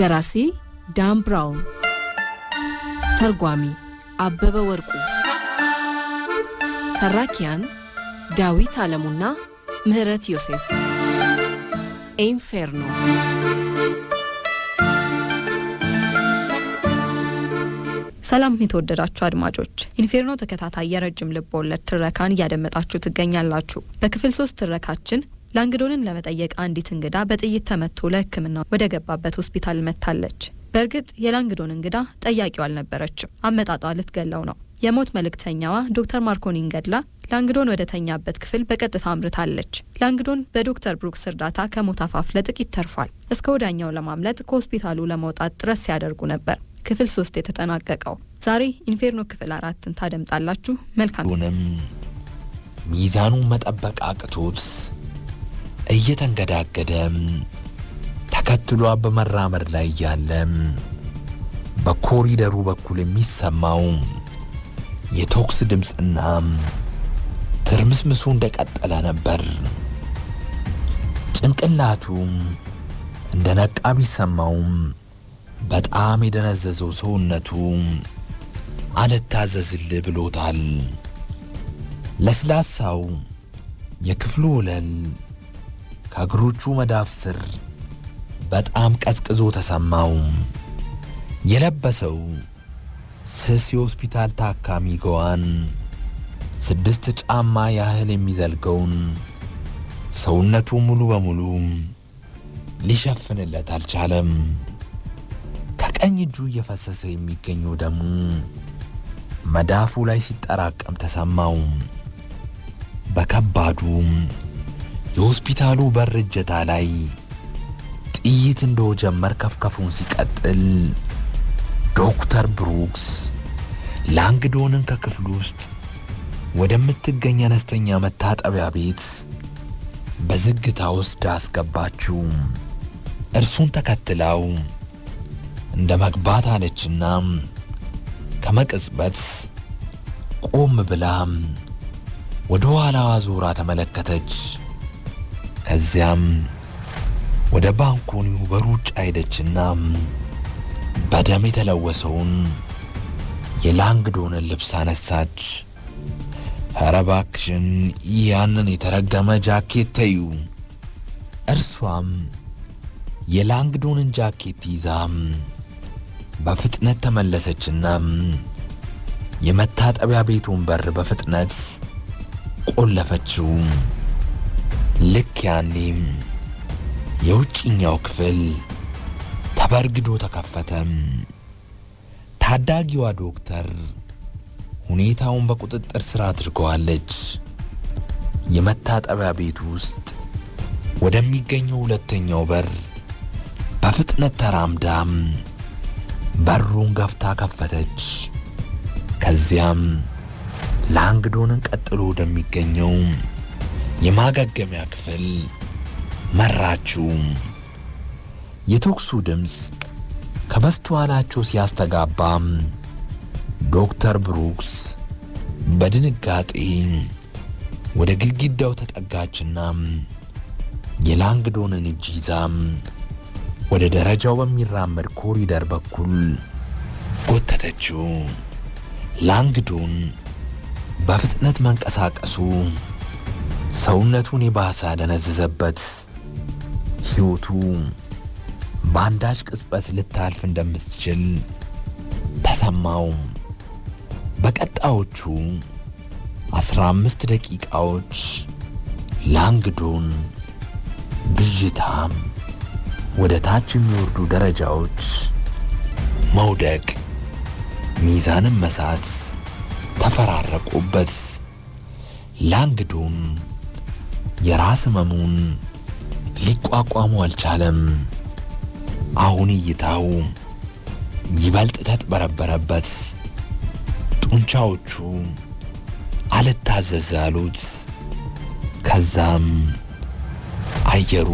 ደራሲ ዳን ብራውን፣ ተርጓሚ አበበ ወርቁ፣ ተራኪያን ዳዊት አለሙና ምህረት ዮሴፍ። ኢንፌርኖ ሰላም የተወደዳችሁ አድማጮች፣ ኢንፌርኖ ተከታታይ የረጅም ልብ ወለድ ትረካን እያደመጣችሁ ትገኛላችሁ። በክፍል ሶስት ትረካችን ላንግዶንን ለመጠየቅ አንዲት እንግዳ በጥይት ተመቶ ለሕክምና ወደ ገባበት ሆስፒታል መታለች። በእርግጥ የላንግዶን እንግዳ ጠያቂው አልነበረችም። አመጣጧ ልትገለው ነው። የሞት መልእክተኛዋ ዶክተር ማርኮኒን ገድላ ላንግዶን ወደ ተኛበት ክፍል በቀጥታ አምርታለች። ላንግዶን በዶክተር ብሩክስ እርዳታ ከሞት አፋፍ ለጥቂት ተርፏል። እስከ ወዳኛው ለማምለጥ ከሆስፒታሉ ለመውጣት ጥረት ሲያደርጉ ነበር። ክፍል ሶስት የተጠናቀቀው ዛሬ ኢንፌርኖ ክፍል አራትን ታደምጣላችሁ። መልካም ሆነም ሚዛኑ መጠበቅ አቅቶት እየተንገዳገደ ተከትሏ በመራመድ ላይ እያለ በኮሪደሩ በኩል የሚሰማው የቶክስ ድምፅና ትርምስምሱ እንደቀጠለ ነበር። ጭንቅላቱ እንደ ነቃ በጣም የደነዘዘው ሰውነቱ አልታዘዝል ብሎታል። ለስላሳው የክፍሉ ወለል ከእግሮቹ መዳፍ ስር በጣም ቀዝቅዞ ተሰማው። የለበሰው ስስ የሆስፒታል ታካሚ ገዋን ስድስት ጫማ ያህል የሚዘልገውን ሰውነቱ ሙሉ በሙሉ ሊሸፍንለት አልቻለም። ከቀኝ እጁ እየፈሰሰ የሚገኘው ደሙ መዳፉ ላይ ሲጠራቀም ተሰማው። በከባዱ የሆስፒታሉ በር እጀታ ላይ ጥይት እንደጀመር ከፍከፉን ሲቀጥል ዶክተር ብሩክስ ላንግዶንን ከክፍሉ ውስጥ ወደምትገኝ አነስተኛ መታጠቢያ ቤት በዝግታ ውስጥ አስገባችው። እርሱን ተከትለው እንደ መግባት አለችና ከመቅጽበት ቆም ብላ ወደ ኋላዋ ዞራ ተመለከተች። ከዚያም ወደ ባንኮኒው በሩጫ ሄደችና በደም የተለወሰውን የላንግዶንን ልብስ አነሳች። ኧረ እባክሽን ያንን የተረገመ ጃኬት ተዩ። እርሷም የላንግዶንን ጃኬት ይዛ በፍጥነት ተመለሰችና የመታጠቢያ ቤቱን በር በፍጥነት ቆለፈችው። ልክ ያኔም የውጭኛው ክፍል ተበርግዶ ተከፈተም። ታዳጊዋ ዶክተር ሁኔታውን በቁጥጥር ስር አድርገዋለች። የመታጠቢያ ቤት ውስጥ ወደሚገኘው ሁለተኛው በር በፍጥነት ተራምዳም በሩን ገፍታ ከፈተች። ከዚያም ላንግዶንን ቀጥሎ ወደሚገኘው የማገገሚያ ክፍል መራችውም። የተኩሱ ድምፅ ከበስተኋላቸው ሲያስተጋባም ዶክተር ብሩክስ በድንጋጤ ወደ ግድግዳው ተጠጋችና የላንግዶንን እጅ ይዛም ወደ ደረጃው በሚራመድ ኮሪደር በኩል ጎተተችው። ላንግዶን በፍጥነት መንቀሳቀሱ ሰውነቱን የባሰ ያደነዘዘበት ሕይወቱ በአንዳች ቅጽበት ልታልፍ እንደምትችል ተሰማው። በቀጣዮቹ አስራ አምስት ደቂቃዎች ላንግዶን ብዥታም ወደ ታች የሚወርዱ ደረጃዎች መውደቅ፣ ሚዛንን መሳት ተፈራረቁበት ላንግዶን የራስ ህመሙን ሊቋቋሙ አልቻለም። አሁን እይታው ይበልጥ ተጥበረበረበት። ጡንቻዎቹ አልታዘዝ አሉት። ከዛም አየሩ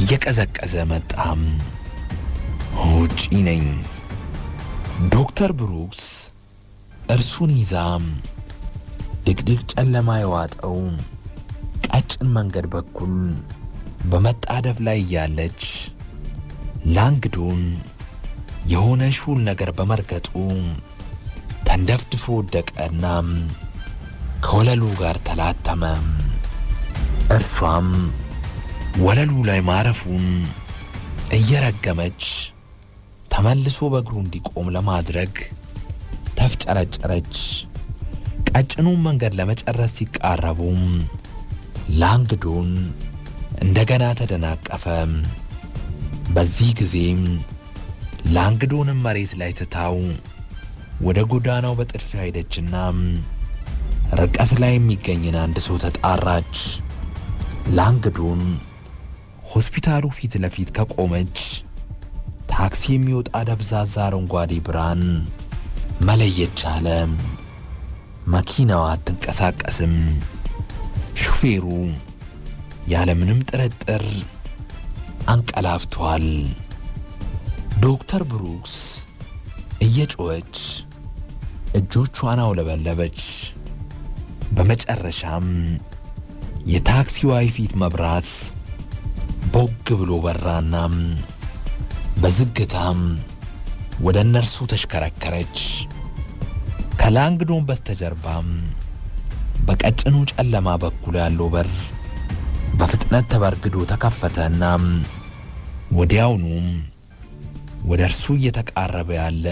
እየቀዘቀዘ መጣም። ውጪ ነኝ። ዶክተር ብሩክስ እርሱን ይዛም ድቅድቅ ጨለማ የዋጠው ቀጭን መንገድ በኩል በመጣደፍ ላይ እያለች ላንግዶን የሆነ ሹል ነገር በመርገጡ ተንደፍድፎ ወደቀና ከወለሉ ጋር ተላተመ። እርሷም ወለሉ ላይ ማረፉን እየረገመች ተመልሶ በእግሩ እንዲቆም ለማድረግ ተፍጨረጨረች። ቀጭኑን መንገድ ለመጨረስ ሲቃረቡም ላንግዶን እንደገና ተደናቀፈ። በዚህ ጊዜም ላንግዶን መሬት ላይ ትታው ወደ ጎዳናው በጥድፊያ ሄደችና ርቀት ላይ የሚገኝን አንድ ሰው ተጣራች። ላንግዶን ሆስፒታሉ ፊት ለፊት ከቆመች ታክሲ የሚወጣ ደብዛዛ አረንጓዴ ብርሃን መለየት ቻለ። መኪናዋ አትንቀሳቀስም። ሾፌሩ ያለምንም ጥርጥር አንቀላፍቷል። ዶክተር ብሩክስ እየጮኸች እጆቿን አውለበለበች። በመጨረሻም የታክሲዋ የፊት መብራት ቦግ ብሎ በራና በዝግታም ወደ እነርሱ ተሽከረከረች። ከላንግዶን በስተጀርባም በቀጭኑ ጨለማ በኩል ያለው በር በፍጥነት ተበርግዶ ተከፈተና ወዲያውኑ ወደ እርሱ እየተቃረበ ያለ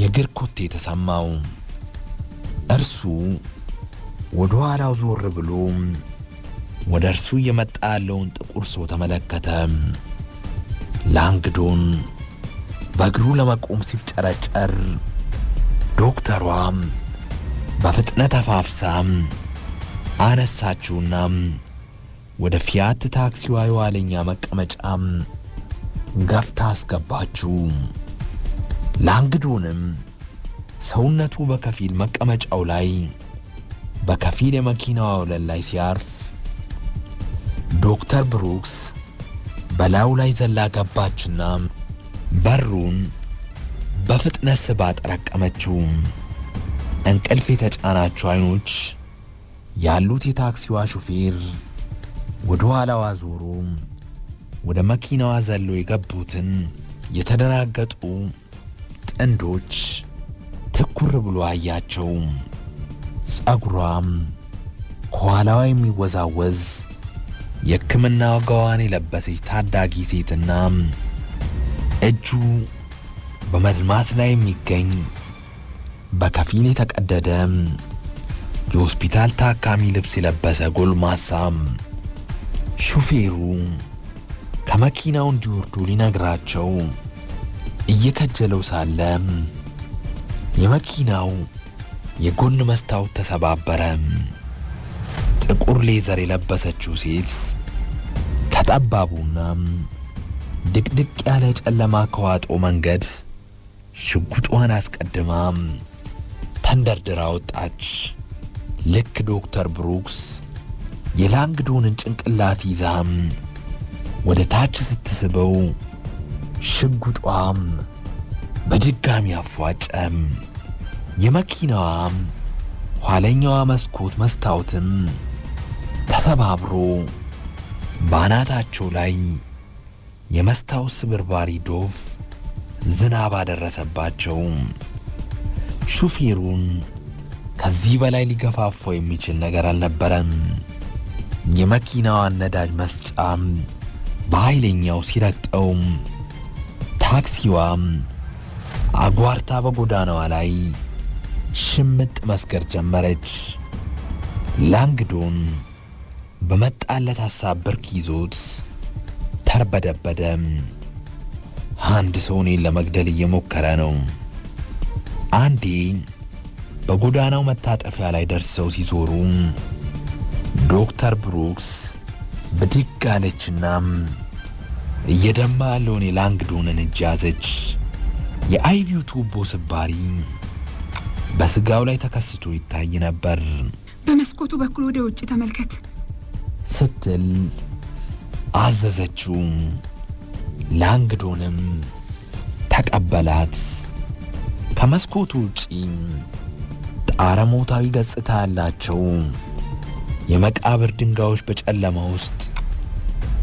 የእግር ኮቴ ተሰማው። እርሱ ወደ ኋላው ዞር ብሎ ወደ እርሱ እየመጣ ያለውን ጥቁር ሰው ተመለከተ። ላንግዶን በእግሩ ለመቆም ሲፍጨረጨር ዶክተሯ በፍጥነት አፋፍሳም አነሳችሁና ወደ ፊያት ታክሲዋ የኋለኛ መቀመጫም ገፍታ አስገባችሁ ላንግዶንም ሰውነቱ በከፊል መቀመጫው ላይ በከፊል የመኪናዋ ወለል ላይ ሲያርፍ ዶክተር ብሩክስ በላዩ ላይ ዘላ ገባችና በሩን በፍጥነት ስባ ጠረቀመችው። እንቅልፍ የተጫናቸው አይኖች ያሉት የታክሲዋ ሹፌር ወደ ኋላዋ ዞሮ ወደ መኪናዋ ዘሎ የገቡትን የተደናገጡ ጥንዶች ትኩር ብሎ አያቸው። ጸጉሯም ከኋላዋ የሚወዛወዝ የሕክምና ጋዋን የለበሰች ታዳጊ ሴትና እጁ በመድማት ላይ የሚገኝ በከፊል የተቀደደ የሆስፒታል ታካሚ ልብስ የለበሰ ጎልማሳ ሹፌሩ ከመኪናው እንዲወርዱ ሊነግራቸው እየከጀለው ሳለ የመኪናው የጎን መስታወት ተሰባበረ። ጥቁር ሌዘር የለበሰችው ሴት ከጠባቡና ድቅድቅ ያለ ጨለማ ከዋጦ መንገድ ሽጉጧን አስቀድማ ተንደርድራ ወጣች። ልክ ዶክተር ብሩክስ የላንግዶንን ጭንቅላት ይዛም ወደ ታች ስትስበው ሽጉጧም በድጋሚ አፏጨም። የመኪናዋም ኋለኛዋ መስኮት መስታወትም ተሰባብሮ ባናታቸው ላይ የመስታወት ስብርባሪ ዶፍ ዝናብ አደረሰባቸው። ሹፌሩን ከዚህ በላይ ሊገፋፎ የሚችል ነገር አልነበረም። የመኪናዋን ነዳጅ መስጫም በኃይለኛው ሲረግጠው ታክሲዋም አጓርታ በጎዳናዋ ላይ ሽምጥ መስገር ጀመረች። ላንግዶን በመጣለት ሐሳብ ብርክ ይዞት ተርበደበደ። አንድ ሰው እኔን ለመግደል እየሞከረ ነው አንዴ በጎዳናው መታጠፊያ ላይ ደርሰው ሲዞሩ ዶክተር ብሩክስ ብድግ አለችና እየደማ ያለውን የላንግዶንን እጅ ያዘች። የአይቪው ቱቦ ስባሪ በስጋው ላይ ተከስቶ ይታይ ነበር። በመስኮቱ በኩል ወደ ውጭ ተመልከት ስትል አዘዘችው። ላንግዶንም ተቀበላት። ከመስኮቱ ውጪ አረሞታዊ ገጽታ ያላቸው የመቃብር ድንጋዮች በጨለማ ውስጥ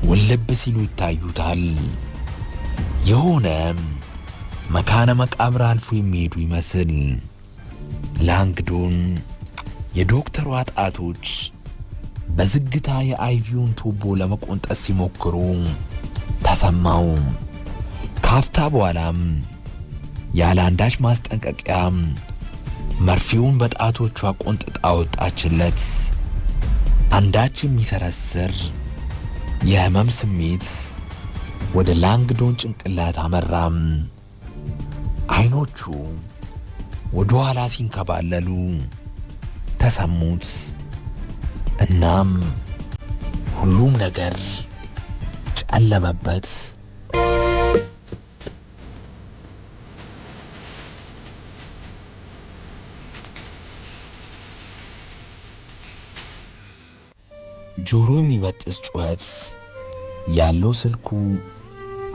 ውልብ ሲሉ ይታዩታል። የሆነ መካነ መቃብር አልፎ የሚሄዱ ይመስል ላንግዶን የዶክተሩ አጣቶች በዝግታ የአይቪውን ቱቦ ለመቆንጠስ ሲሞክሩ ተሰማው። ካፍታ በኋላም ያለ አንዳች ማስጠንቀቂያ መርፌውን በጣቶቿ ቆንጥጣ ወጣችለት። አንዳች የሚሰረስር የህመም ስሜት ወደ ላንግዶን ጭንቅላት አመራም። አይኖቹ ወደ ኋላ ሲንከባለሉ ተሰሙት። እናም ሁሉም ነገር ጨለመበት። ጆሮ የሚበጥስ ጩኸት ያለው ስልኩ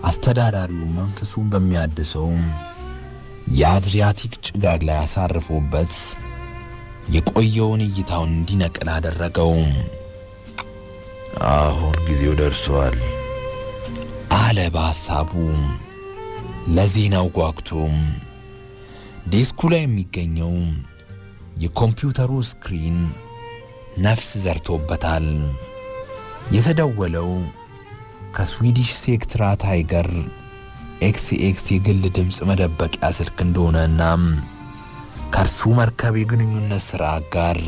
አስተዳዳሪው መንፈሱን በሚያድሰው የአድሪያቲክ ጭጋግ ላይ አሳርፎበት የቆየውን እይታውን እንዲነቅል አደረገው። አሁን ጊዜው ደርሷል አለ በሐሳቡ ለዜናው ጓግቶ ዴስኩ ላይ የሚገኘው የኮምፒውተሩ ስክሪን ነፍስ ዘርቶበታል። የተደወለው ከስዊዲሽ ሴክትራ ታይገር ኤክስኤክስ የግል ድምፅ መደበቂያ ስልክ እንደሆነና ከእርሱ መርከብ የግንኙነት ሥራ ጋር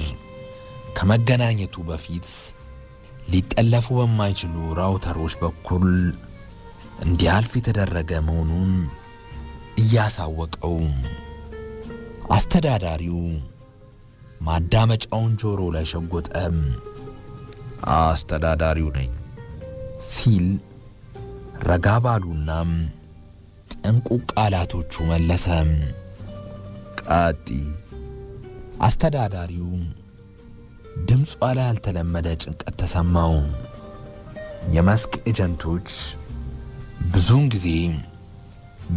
ከመገናኘቱ በፊት ሊጠለፉ በማይችሉ ራውተሮች በኩል እንዲያልፍ የተደረገ መሆኑን እያሳወቀው አስተዳዳሪው ማዳመጫውን ጆሮ ላይ ሸጎጠም። አስተዳዳሪው ነኝ ሲል ረጋ ባሉናም ጥንቁ ቃላቶቹ መለሰ። ቃጢ አስተዳዳሪው ድምጿ ላይ ያልተለመደ ጭንቀት ተሰማው። የመስክ ኤጀንቶች ብዙውን ጊዜ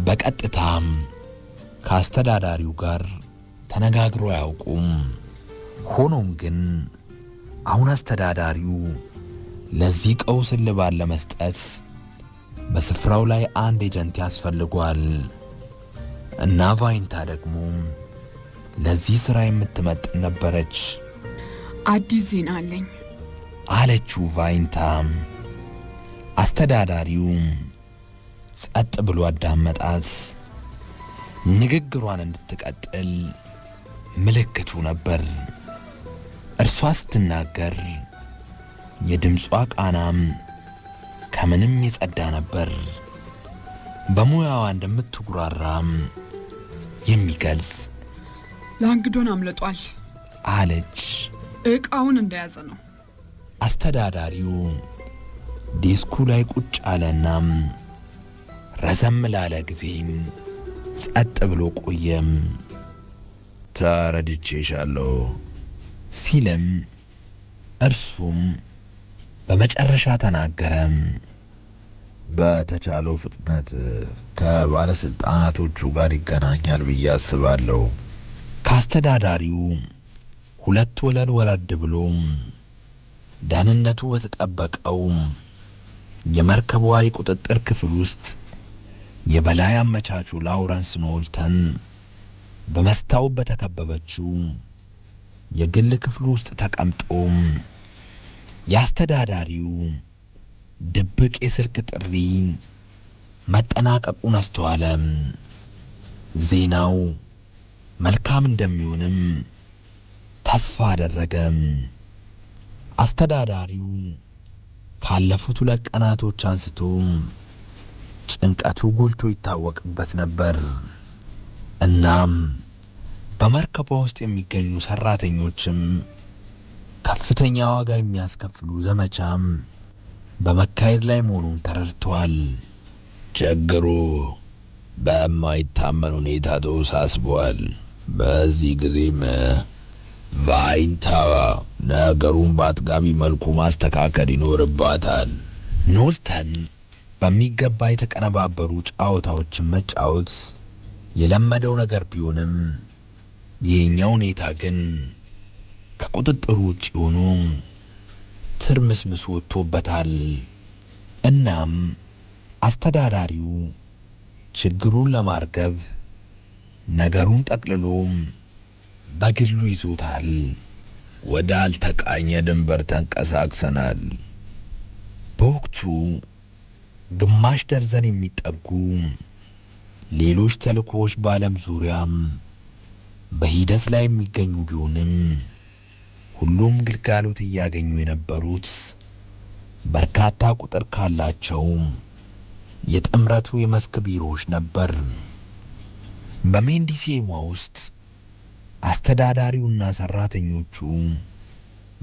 በቀጥታ ከአስተዳዳሪው ጋር ተነጋግሮ አያውቁም። ሆኖም ግን አሁን አስተዳዳሪው ለዚህ ቀውስ እልባት ለመስጠት በስፍራው ላይ አንድ ኤጀንት ያስፈልጓል እና ቫይንታ ደግሞ ለዚህ ሥራ የምትመጥን ነበረች። አዲስ ዜና አለኝ አለችው ቫይንታ። አስተዳዳሪው ጸጥ ብሎ አዳመጣት። ንግግሯን እንድትቀጥል ምልክቱ ነበር። እርሷ ስትናገር የድምጿ ቃናም ከምንም የጸዳ ነበር። በሙያዋ እንደምትጉራራም የሚገልጽ ለአንግዶን አምልጧል አለች። ዕቃውን እንደያዘ ነው። አስተዳዳሪው ዴስኩ ላይ ቁጭ አለና ረዘም ላለ ጊዜ ጸጥ ብሎ ቆየም። ተረድቼሻለሁ ሲልም እርሱም በመጨረሻ ተናገረም። በተቻለው ፍጥነት ከባለስልጣናቶቹ ጋር ይገናኛል ብዬ አስባለሁ። ከአስተዳዳሪው ሁለት ወለል ወረድ ብሎ ደህንነቱ በተጠበቀው የመርከቧ የቁጥጥር ክፍል ውስጥ የበላይ አመቻቹ ላውረንስ ኖልተን በመስታወት በተከበበችው የግል ክፍሉ ውስጥ ተቀምጦ የአስተዳዳሪው ድብቅ የስልክ ጥሪ መጠናቀቁን አስተዋለም። ዜናው መልካም እንደሚሆንም ተስፋ አደረገም። አስተዳዳሪው ካለፉት ሁለት ቀናቶች አንስቶ ጭንቀቱ ጎልቶ ይታወቅበት ነበር። እናም በመርከቧ ውስጥ የሚገኙ ሰራተኞችም ከፍተኛ ዋጋ የሚያስከፍሉ ዘመቻም በመካሄድ ላይ መሆኑን ተረድተዋል። ችግሩ በማይታመን ሁኔታ ተወሳስበዋል። በዚህ ጊዜም በአይንታዋ ነገሩን በአጥጋቢ መልኩ ማስተካከል ይኖርባታል። ኖልተን በሚገባ የተቀነባበሩ ጨዋታዎችን መጫወት የለመደው ነገር ቢሆንም ይህኛው ሁኔታ ግን ከቁጥጥር ውጭ ሆኖ ትርምስምስ ወጥቶበታል። እናም አስተዳዳሪው ችግሩን ለማርገብ ነገሩን ጠቅልሎ በግሉ ይዞታል። ወደ አልተቃኘ ድንበር ተንቀሳቅሰናል። በወቅቱ ግማሽ ደርዘን የሚጠጉ ሌሎች ተልእኮዎች በዓለም ዙሪያም በሂደት ላይ የሚገኙ ቢሆንም ሁሉም ግልጋሎት እያገኙ የነበሩት በርካታ ቁጥር ካላቸው የጥምረቱ የመስክ ቢሮዎች ነበር። በሜንዲሴማ ውስጥ አስተዳዳሪውና ሰራተኞቹ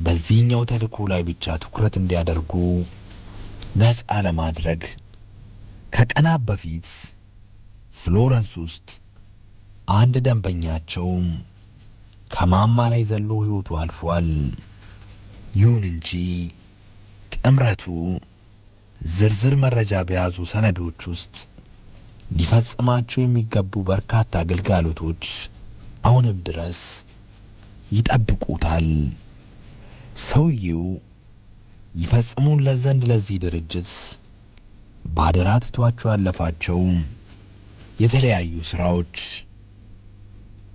በዚህኛው ተልእኮ ላይ ብቻ ትኩረት እንዲያደርጉ ነጻ ለማድረግ ከቀናት በፊት ፍሎረንስ ውስጥ አንድ ደንበኛቸው ከማማ ላይ ዘሎ ህይወቱ አልፏል። ይሁን እንጂ ጥምረቱ ዝርዝር መረጃ በያዙ ሰነዶች ውስጥ ሊፈጽማቸው የሚገቡ በርካታ አገልጋሎቶች አሁንም ድረስ ይጠብቁታል። ሰውየው ይፈጽሙለት ለዘንድ ለዚህ ድርጅት ባደራ ትቷቸው ያለፋቸው የተለያዩ ስራዎች።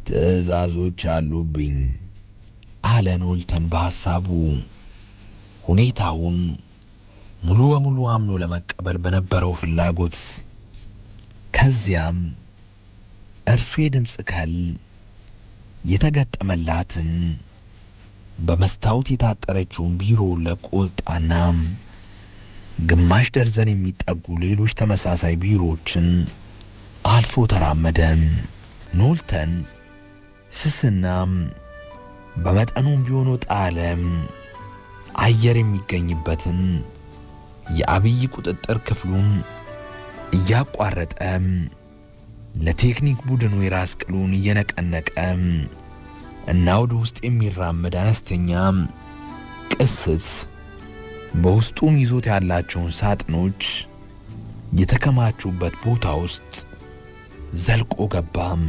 ትዕዛዞች አሉብኝ አለ ኖልተን በሐሳቡ። ሁኔታውን ሙሉ በሙሉ አምኖ ለመቀበል በነበረው ፍላጎት ከዚያም እርሱ የድምፅ ከል የተገጠመላትን በመስታወት የታጠረችውን ቢሮ ለቆጣና ግማሽ ደርዘን የሚጠጉ ሌሎች ተመሳሳይ ቢሮዎችን አልፎ ተራመደ። ኖልተን ስስና በመጠኑም ቢሆን ጣለ አየር የሚገኝበትን የአብይ ቁጥጥር ክፍሉን እያቋረጠ ለቴክኒክ ቡድኑ የራስ ቅሉን እየነቀነቀ እና ወደ ውስጥ የሚራመድ አነስተኛ ቅስት በውስጡም ይዞት ያላቸውን ሳጥኖች የተከማቹበት ቦታ ውስጥ ዘልቆ ገባም።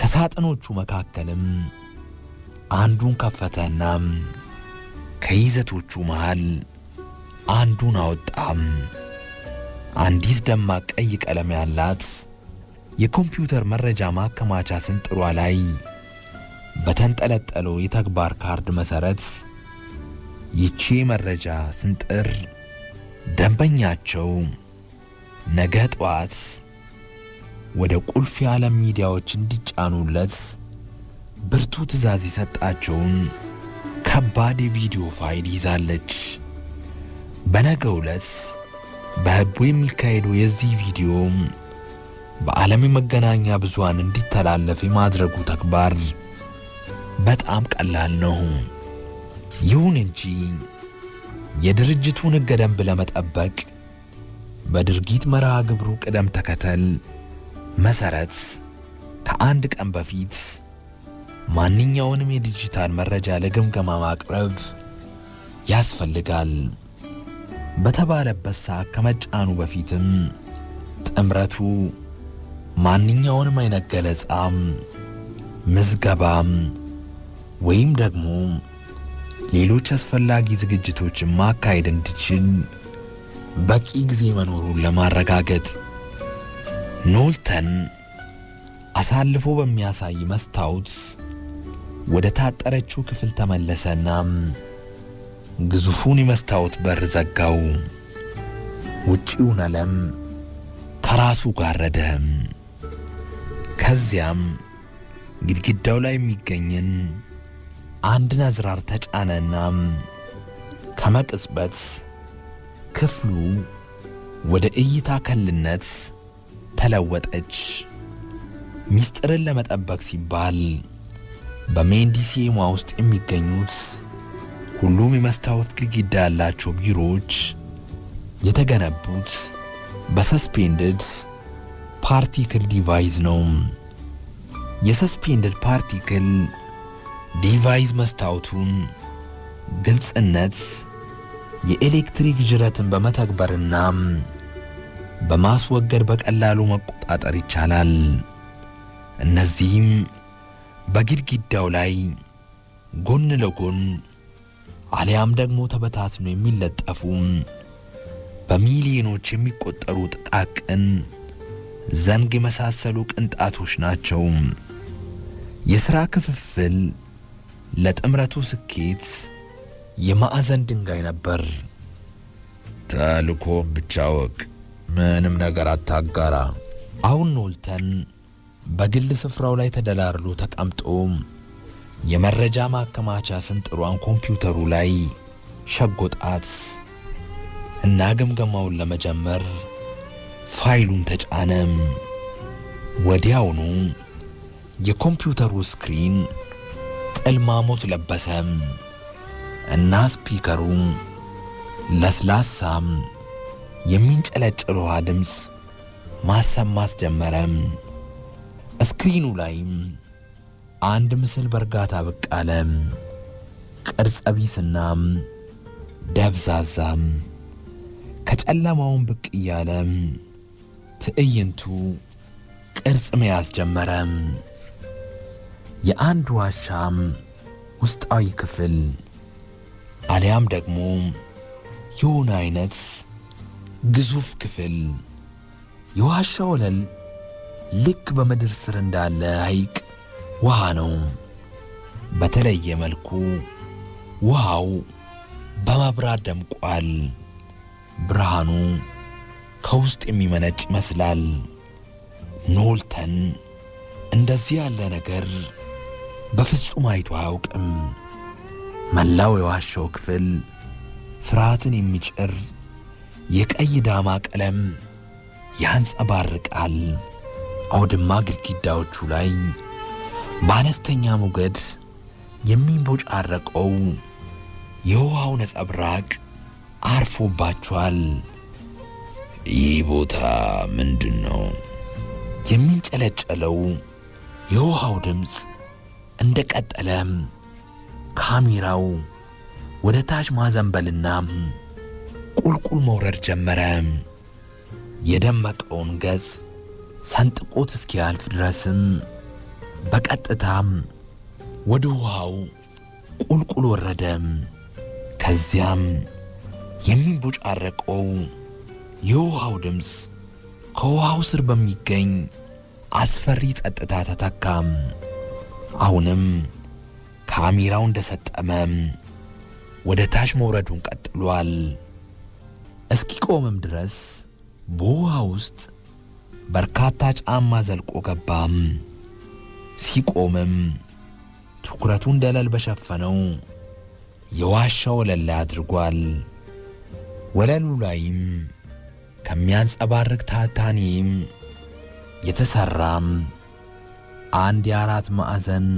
ከሳጥኖቹ መካከልም አንዱን ከፈተና ከይዘቶቹ መሃል አንዱን አወጣም። አንዲት ደማቅ ቀይ ቀለም ያላት የኮምፒውተር መረጃ ማከማቻ ስንጥሯ ላይ በተንጠለጠለው የተግባር ካርድ መሰረት ይቺ መረጃ ስንጥር ደንበኛቸው ነገ ጠዋት ወደ ቁልፍ የዓለም ሚዲያዎች እንዲጫኑለት ብርቱ ትዕዛዝ የሰጣቸውን ከባድ የቪዲዮ ፋይል ይዛለች። በነገ ዕለት በህቡ የሚካሄደው የዚህ ቪዲዮ በዓለም የመገናኛ ብዙሃን እንዲተላለፍ የማድረጉ ተግባር በጣም ቀላል ነው። ይሁን እንጂ የድርጅቱን ሕገ ደንብ ለመጠበቅ በድርጊት መርሃ ግብሩ ቅደም ተከተል መሰረት ከአንድ ቀን በፊት ማንኛውንም የዲጂታል መረጃ ለግምገማ ማቅረብ ያስፈልጋል በተባለበት ሰዓት ከመጫኑ በፊትም ጥምረቱ ማንኛውንም አይነት ገለጻም፣ ምዝገባም ወይም ደግሞ ሌሎች አስፈላጊ ዝግጅቶችን ማካሄድ እንዲችል በቂ ጊዜ መኖሩን ለማረጋገጥ ኖልተን አሳልፎ በሚያሳይ መስታወት ወደ ታጠረችው ክፍል ተመለሰና ግዙፉን የመስታወት በር ዘጋው። ውጪውን ዓለም ከራሱ ጋረደ። ከዚያም ግድግዳው ላይ የሚገኝን አንድ አዝራር ተጫነና ከመቅጽበት ክፍሉ ወደ እይታ ከልነት ተለወጠች። ሚስጥርን ለመጠበቅ ሲባል በሜንዲሲማ ውስጥ የሚገኙት ሁሉም የመስታወት ግድግዳ ያላቸው ቢሮዎች የተገነቡት በሰስፔንደድ ፓርቲክል ዲቫይዝ ነው። የሰስፔንደድ ፓርቲክል ዲቫይዝ መስታወቱን ግልጽነት፣ የኤሌክትሪክ ጅረትን በመተግበርና በማስወገድ በቀላሉ መቆጣጠር ይቻላል። እነዚህም በግድግዳው ላይ ጎን ለጎን አሊያም ደግሞ ተበታትኖ የሚለጠፉ በሚሊዮኖች የሚቆጠሩ ጥቃቅን ዘንግ የመሳሰሉ ቅንጣቶች ናቸው። የሥራ ክፍፍል ለጥምረቱ ስኬት የማዕዘን ድንጋይ ነበር። ተልእኮም ብቻ ወቅ ምንም ነገር አታጋራ። አሁን ኖልተን በግል ስፍራው ላይ ተደላርሎ ተቀምጦ የመረጃ ማከማቻ ስንጥሯን ኮምፒውተሩ ላይ ሸጎጣት እና ግምገማውን ለመጀመር ፋይሉን ተጫነም። ወዲያውኑ የኮምፒውተሩ ስክሪን ጥልማሞት ለበሰም እና ስፒከሩ ለስላሳም የሚንጨለጭል ውሃ ድምፅ ማሰማት ጀመረም። እስክሪኑ ላይም አንድ ምስል በእርጋታ ብቅ አለ። ቅርጸ ደብዛዛም ከጨለማውን ብቅ እያለ ትዕይንቱ ቅርጽ መያዝ ጀመረ። የአንድ ዋሻም ውስጣዊ ክፍል አሊያም ደግሞ የሆነ አይነት ግዙፍ ክፍል የዋሻ ወለል ልክ በምድር ስር እንዳለ ሐይቅ ውሃ ነው። በተለየ መልኩ ውሃው በመብራት ደምቋል። ብርሃኑ ከውስጥ የሚመነጭ ይመስላል። ኖልተን እንደዚህ ያለ ነገር በፍጹም አይቶ አያውቅም። መላው የዋሻው ክፍል ፍርሃትን የሚጭር የቀይ ዳማ ቀለም ያንጸባርቃል። አውድማ ግድግዳዎቹ ላይ በአነስተኛ ሞገድ የሚንቦጫረቀው የውሃው ነጸብራቅ አርፎባቸዋል። ይህ ቦታ ምንድን ነው? የሚንጨለጨለው የውሃው ድምፅ እንደ ቀጠለም ካሜራው ወደ ታች ማዘንበልና ቁልቁል መውረድ ጀመረ። የደመቀውን ገጽ ሰንጥቆት እስኪያልፍ ድረስም በቀጥታም ወደ ውሃው ቁልቁል ወረደ። ከዚያም የሚንቦጫረቀው የውሃው ድምፅ ከውሃው ስር በሚገኝ አስፈሪ ጸጥታ ተተካም። አሁንም ካሜራው እንደሰጠመ ወደ ታች መውረዱን ቀጥሏል። እስኪቆምም ድረስ በውሃ ውስጥ በርካታ ጫማ ዘልቆ ገባም። ሲቆምም ትኩረቱን ደለል በሸፈነው የዋሻ ወለል ላይ አድርጓል። ወለሉ ላይም ከሚያንጸባርቅ ታታኒም የተሰራም አንድ የአራት ማዕዘን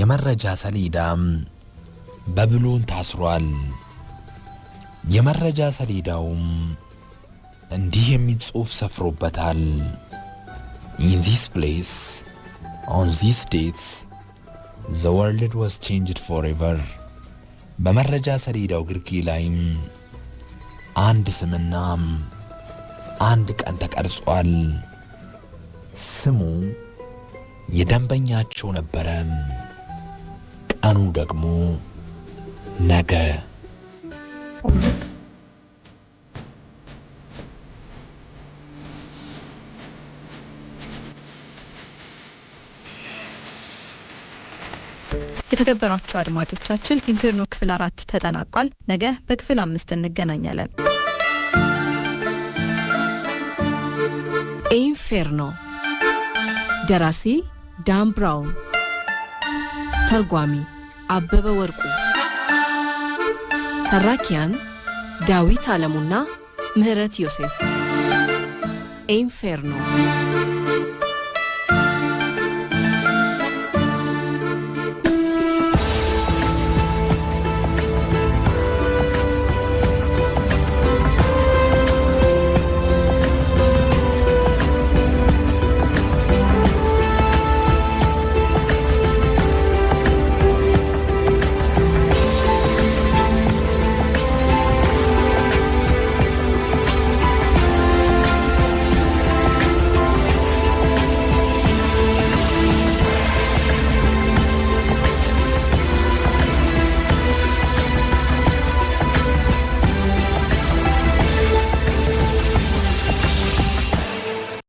የመረጃ ሰሌዳም በብሎን ታስሯል። የመረጃ ሰሌዳውም እንዲህ የሚል ጽሑፍ ሰፍሮበታል። ኢን ዚስ ፕሌስ ኦን ዚስ ዴትስ ዘ ወርልድ ዋዝ ቼንጅድ ፎሬቨር። በመረጃ ሰሌዳው ግርጌ ላይም አንድ ስምና አንድ ቀን ተቀርጿል። ስሙ የደንበኛቸው ነበረ፣ ቀኑ ደግሞ ነገ from የተከበራችሁ አድማጮቻችን ኢንፌርኖ ክፍል አራት ተጠናቋል። ነገ በክፍል አምስት እንገናኛለን። ኢንፌርኖ ደራሲ ዳን ብራውን፣ ተርጓሚ አበበ ወርቁ ተራኪያን ዳዊት አለሙና ምህረት ዮሴፍ። ኢንፌርኖ